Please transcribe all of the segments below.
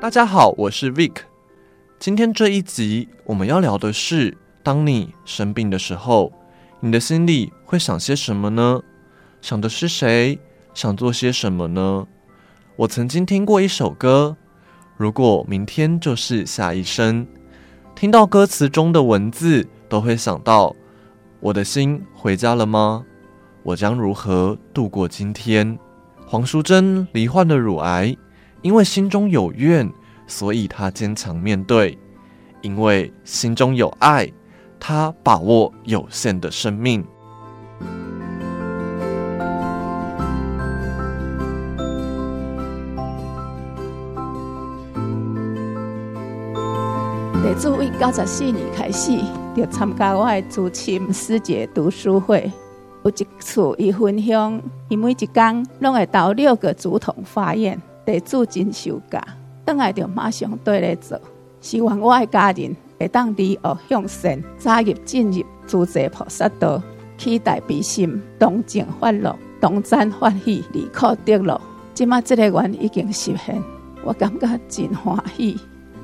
大家好，我是 Vic。今天這一集我們要聊的是，當你生病的時候，你的心裡會想些什麼呢？想的是誰？想做些什麼呢？我曾經聽過一首歌，如果明天就是下一生，聽到歌詞中的文字，都會想到：我的心回家了嗎？我將如何度過今天？黃淑貞罹患了乳癌。因為心中有怨，所以他堅強面對；因為心中有愛，他把握有限的生命。自位九十四年開始，就參加我的竹青師姊讀書會，有一次一分享，伊每一講都會到六個竹筒發言。弟子真修課，倒來就馬上倒來做。希望我的家人會當離惡向善，早日進入諸在菩薩道，起大悲心，同證法樂，同讚法喜，離苦得樂。今麥這個願已經實現，我感覺真歡喜。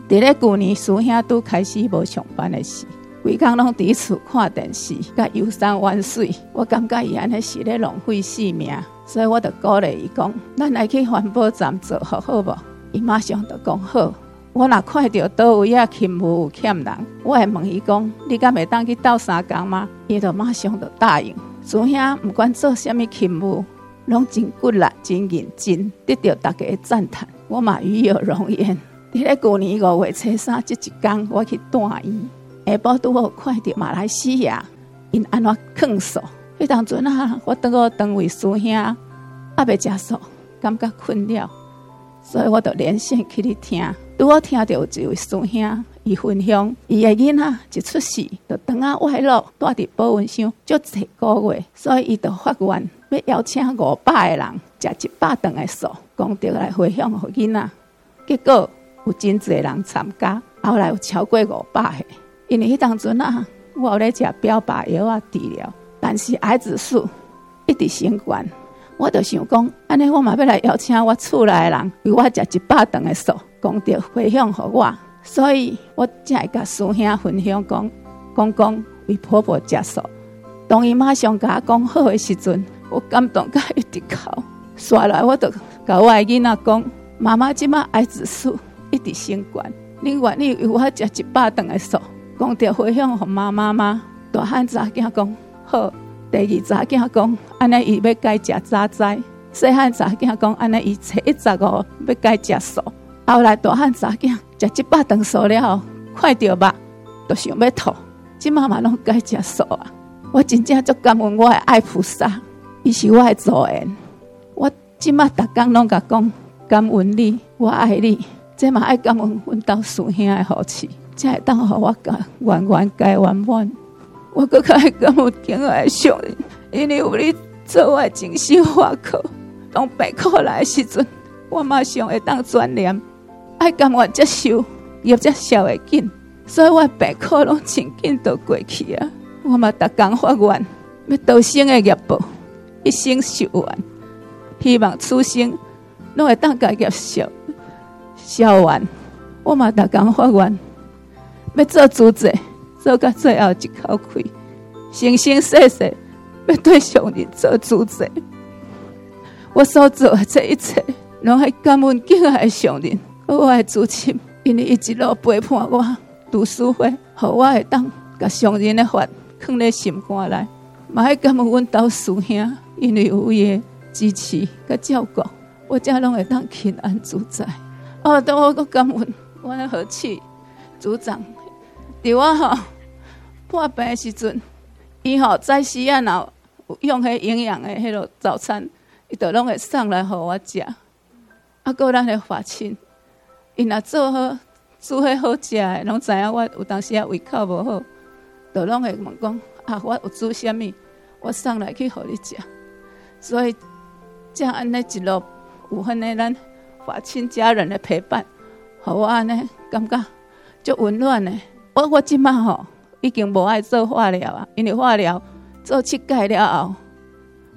在那舊年師兄都開始無上班的時每天攏抵厝看電視，甲遊山玩水。我感覺伊安尼是咧浪費生命，所以我就鼓勵伊講：，咱來去環保站做，好好無？伊馬上就講好。我若看到叨位啊，勤務有欠人，我還問伊講：，你敢袂當去鬥相共嗎？伊就馬上就答應。師兄不管做蝦米勤務，攏真骨力、真認真，得到大家的讚歎，我嘛，與有榮焉。佇咧舊年五月初三，即一天我去帶伊，下晡拄好看著馬來西亞，因安怎睏熟？迄當陣啊！我當個當位師兄，阿袂食素，感覺困了，所以我就連線去聽。拄好聽着這位師兄伊分享，伊個囡仔一出世就當啊歪了，蹛佇保溫箱足濟個月，所以伊就發願要邀請五百個人，食一百頓個素，功德來回向個囡仔。結果有真濟人參加，後來有超過五百個。因為迄當陣啊，我有咧食標靶藥啊，治療，但是癌指數一直升懸，我就想講，安尼我嘛要來邀請我厝內人為我食一百頓的素，講着分享互我，所以我才會甲師兄分享講，公公為婆婆食素，當伊馬上甲我講好的時陣，我感動甲一直哭，刷來我都甲我囡仔講，媽媽即馬癌指數一直升懸，你願意為我食一百頓的素。講着迴向，予媽媽媽大漢查囡講好，第二查囡講安尼伊要改食早齋，細漢查囡講安尼伊初一十五要改食素，後來大漢查囡食一百頓素了，後，看着肉，就想媽媽都想欲吐。即滿嘛攏改食素啊！我真正足感恩，我的癌菩薩，伊是我的作恩。我即滿逐工攏甲講感恩你，我愛你。這馬愛感恩，阮兜師兄的扶持。才會當好我甲冤冤解冤冤，我更較愛甘願接受，因為有你做我精心話口。當病苦來的時陣，我馬上會當轉念，愛甘願接受，業才消得緊，所以我病苦攏真緊就過去啊。我嘛逐工發願，要道心的業報，一生修完，希望此生攏會當解業消消完。我嘛逐工發願。要做主宰，做到最後一口氣，生生世世要對上人做主宰。我所做的這一切，攏係感恩敬愛嘅上人，和我的祖親，因為一路陪伴我，讀書會，好，我會當甲上人的法，放喺心肝內。嘛係感恩我導師兄，因為有伊的支持甲照顧，我真係攏會當平安主宰。哦，當我擱感恩，我的和氣組長。是我吼，破病時陣，伊吼在西安有用迄營養的迄囉早餐，伊都攏會送來給我吃。啊閣咱的法親，伊若做好煮些好食的，攏知影我有當時也胃口無好，都攏會問講啊，我有煮啥物，我送來去給你食。所以，才安尼一路，有呢咱法親家人的陪伴，予我安尼感覺就溫暖呢。我我即馬吼已經無愛做化療啊！因為化療做七改了後，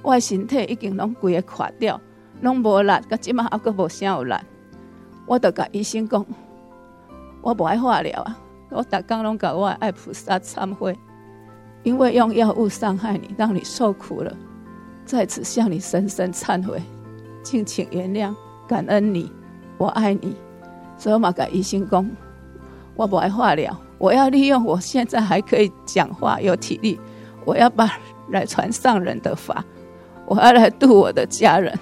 我的身體已經攏規個垮掉，攏無力。甲即馬猶閣無啥有力，我著甲醫生講，我無愛化療啊！我逐工攏甲我誒癌菩薩懺悔，因為用藥物傷害你，讓你受苦了，在此向你深深懺悔，敬請原諒，感恩你，我愛你。所以嘛，甲醫生講，我無愛化療。我要利用我現在還可以講話有體力，我要把來傳上人的法，我要來渡我的家人，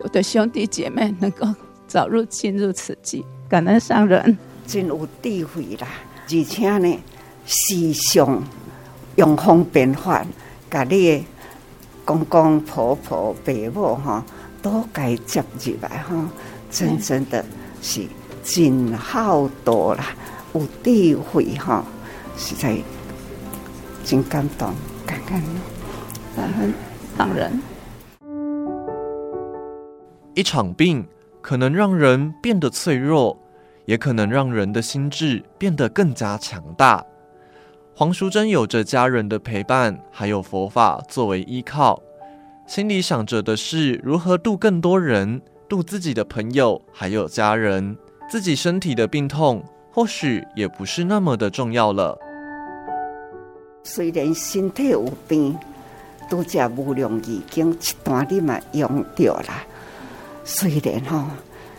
我的兄弟姐妹能夠早日進入慈濟，感恩上人真有智慧啦。而且呢，時相，用方便法，把你公公婆婆、父母哈，都該接起來哈，真正的是盡好多啦。有體會哈，實在真感動，感恩感恩好人。一場病可能讓人變得脆弱，也可能讓人的心智變得更加強大。黃淑珍有着家人的陪伴，還有佛法作為依靠，心裡想着的是如何度更多人，度自己的朋友，還有家人，自己身體的病痛或許也不是那麼的重要了。雖然身體有病，多只不良已經大你嘛用着啦。雖然吼，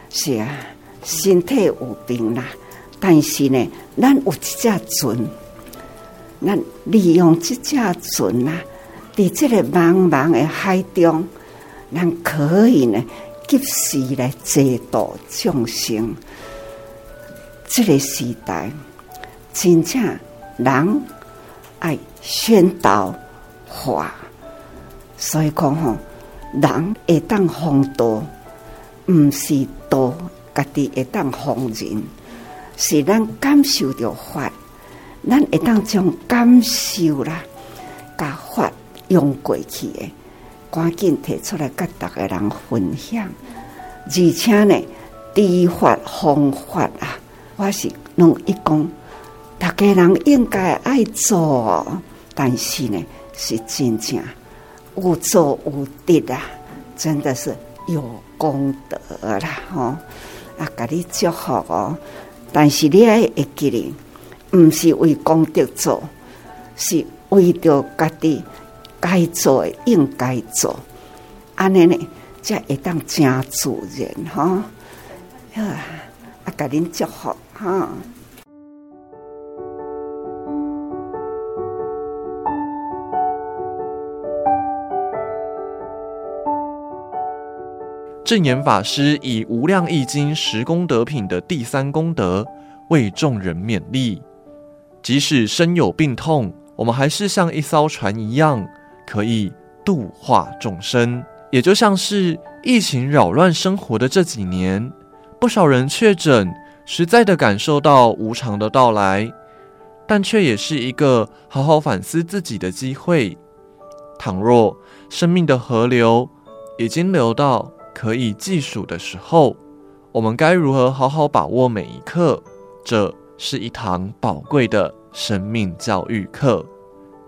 是啊，身體有病啦，但是呢，咱有一只船，咱利用這隻船吶，在這個茫茫的海中，咱可以呢，及時來濟度眾生。這個時代，真正人要宣導法，所以講吼，人會當弘道，毋是道家己會當弘人，是咱感受到法，咱會當將感受啦，把法用過去誒，趕緊提出來，甲大家人分享，而且呢，第一法方法啊。我是攏一公，大家人應該愛做、哦，但是呢是真正有做有得的、啊，真的是有功德啦！吼、哦、啊，家己祝福哦。但是你愛會記得，唔是為功德做，是為着家己該做的應該做，安尼呢則會當真做人哈。哦啊給您祝好哈，嗯！證嚴法師以《無量義經》十功德品的第三功德為眾人勉勵，即使身有病痛，我們還是像一艘船一樣，可以度化眾生。也就像是疫情擾亂生活的這幾年。不少人確診，實在地感受到無常的到來，但卻也是一個好好反思自己的機會。倘若生命的河流已經流到可以計數的時候，我們該如何好好把握每一刻？這是一堂寶貴的生命教育課。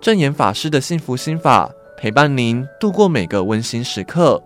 證嚴法師的幸福心法，陪伴您度過每個溫馨時刻。